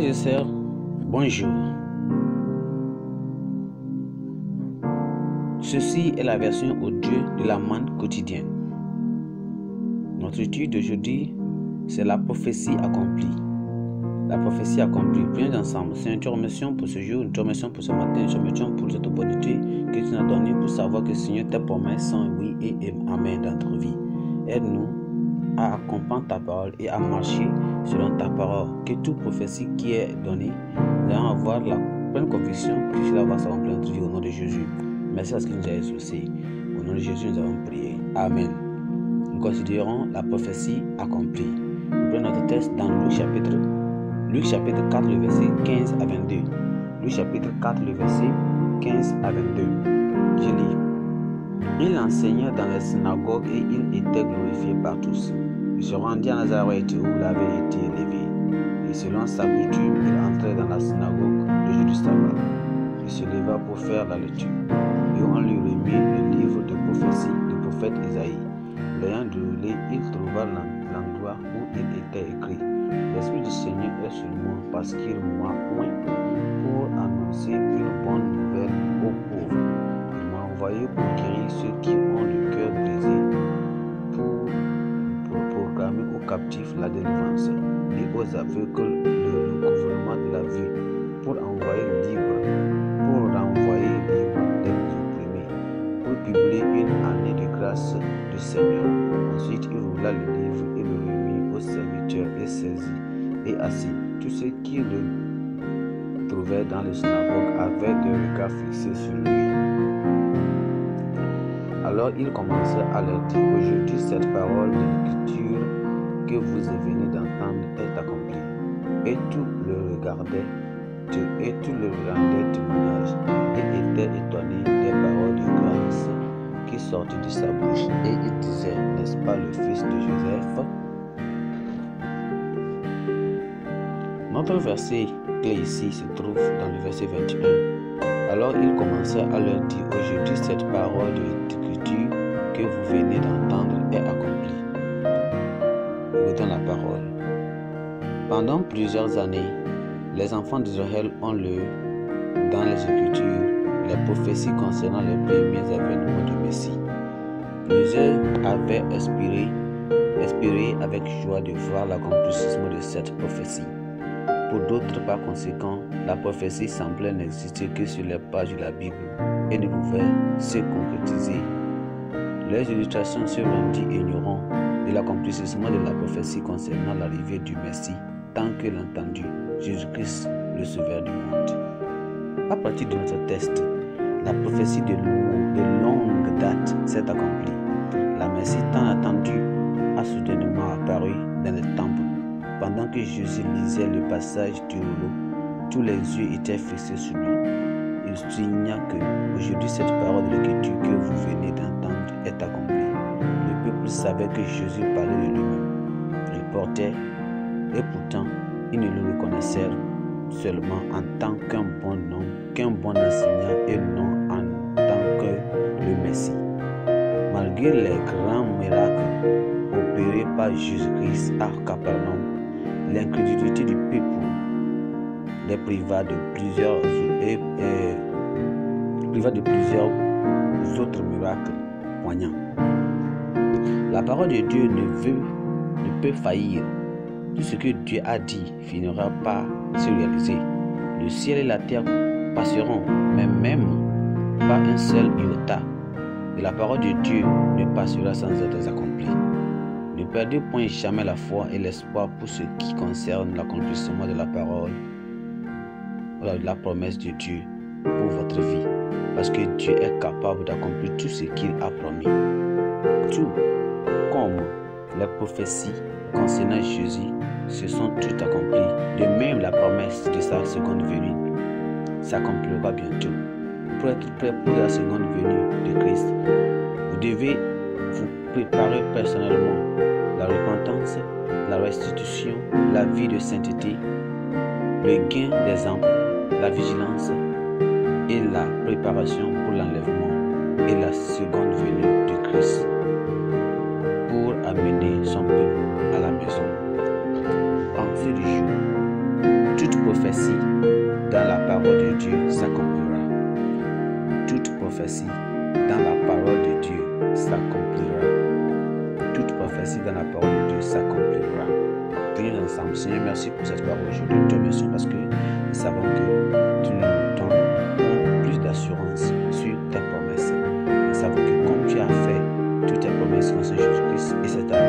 frères bonjour. Ceci est la version audio de la manne quotidienne. Notre étude d'aujourd'hui, c'est la prophétie accomplie. La prophétie accomplie. bien ensemble. C'est une intermission pour ce jour, une intermission pour ce matin, une intermission pour cette opportunité que tu nous as donnée pour savoir que Seigneur, t'a promis sans oui et amen dans notre vie. Aide-nous à comprendre ta parole et à marcher selon ta parole. Que toute prophétie qui est donnée, nous allons avoir la pleine conviction que cela va s'accomplir dans au nom de Jésus. Merci à ce que nous avons exaucé. Au nom de Jésus, nous avons prié. Amen. Nous considérons la prophétie accomplie. Nous prenons notre texte dans Luc chapitre, Luc chapitre 4, le verset 15 à 22. Luc chapitre 4, le verset 15 à 22. Je lis. Il enseigna dans la synagogue et il était glorifié par tous. Il se rendit à Nazareth où il avait été élevé. Et selon sa coutume, il entrait dans la synagogue de jour Il se leva pour faire la lecture. Et on lui remit le livre de prophétie du prophète Isaïe. L'ayant déroulé, il trouva l'endroit où il était écrit. L'Esprit du Seigneur est sur moi parce qu'il m'a point pour annoncer une bonne nouvelle aux pauvres pour guérir ceux qui ont le cœur brisé, pour, programmer aux captifs la délivrance, et aux aveugles de le gouvernement de la vie, pour envoyer libre, pour renvoyer libre des opprimés, pour publier une année de grâce du Seigneur. Ensuite, il roula le livre et le remit au serviteur et saisit et assis tous ceux qui le trouvaient dans le synagogue avaient des regards fixés sur lui. Alors il commençait à leur dire, aujourd'hui cette parole de l'écriture que vous venez d'entendre est accomplie. Et tout le regardait, et tout le rendait témoignage, et était étonné des paroles de grâce qui sortaient de sa bouche. Et il disait, n'est-ce pas le fils de Joseph Notre verset clé ici se trouve dans le verset 21. Alors il commençait à leur dire, aujourd'hui cette parole de que vous venez d'entendre est accomplie. Écoutons la parole. Pendant plusieurs années, les enfants d'Israël ont lu dans les Écritures les prophéties concernant les premiers événements du Messie. Plusieurs avaient espéré, espéré avec joie de voir l'accomplissement de cette prophétie. Pour d'autres, par conséquent, la prophétie semblait n'exister que sur les pages de la Bible et ne pouvait se concrétiser les illustrations se rendit ignorant de l'accomplissement de la prophétie concernant l'arrivée du Messie, tant que l'entendu Jésus-Christ, le Sauveur du monde. À partir de notre test, la prophétie de, de longue date s'est accomplie. La Messie tant attendue a soudainement apparu dans le temple. Pendant que Jésus lisait le passage du rouleau, tous les yeux étaient fixés sur lui signa que aujourd'hui cette parole de l'écriture que vous venez d'entendre est accomplie. Le peuple savait que Jésus parlait de lui-même, le portait, et pourtant ils ne le reconnaissaient seulement en tant qu'un bon homme, qu'un bon enseignant et non en tant que le Messie. Malgré les grands miracles opérés par Jésus-Christ à Capernaum, l'incrédulité du peuple les priva de plusieurs, de plusieurs autres miracles poignants. La parole de Dieu ne, veut, ne peut faillir. Tout ce que Dieu a dit finira par se réaliser. Le ciel et la terre passeront, mais même pas un seul iota Et la parole de Dieu ne passera sans être accomplie. Ne perdez point jamais la foi et l'espoir pour ce qui concerne l'accomplissement de la parole la promesse de Dieu pour votre vie. Parce que Dieu est capable d'accomplir tout ce qu'il a promis. Tout, comme les prophéties concernant Jésus, se sont toutes accomplies. De même, la promesse de sa seconde venue s'accomplira bientôt. Pour être prêt pour la seconde venue de Christ, vous devez vous préparer personnellement la repentance, la restitution, la vie de sainteté, le gain des âmes la vigilance et la préparation pour l'enlèvement et la seconde venue de Christ pour amener son peuple à la maison. En du jour. Toute prophétie dans la parole de Dieu s'accomplira. Toute prophétie dans la parole de Dieu s'accomplira. Toute prophétie dans la parole de Dieu s'accomplira. Prions ensemble. Seigneur, merci pour cette parole aujourd'hui. Te remercions parce que savons que tu nous donnes plus d'assurance sur tes promesses. Nous savons que comme tu as fait toutes tes promesses en Jésus-Christ et c'est à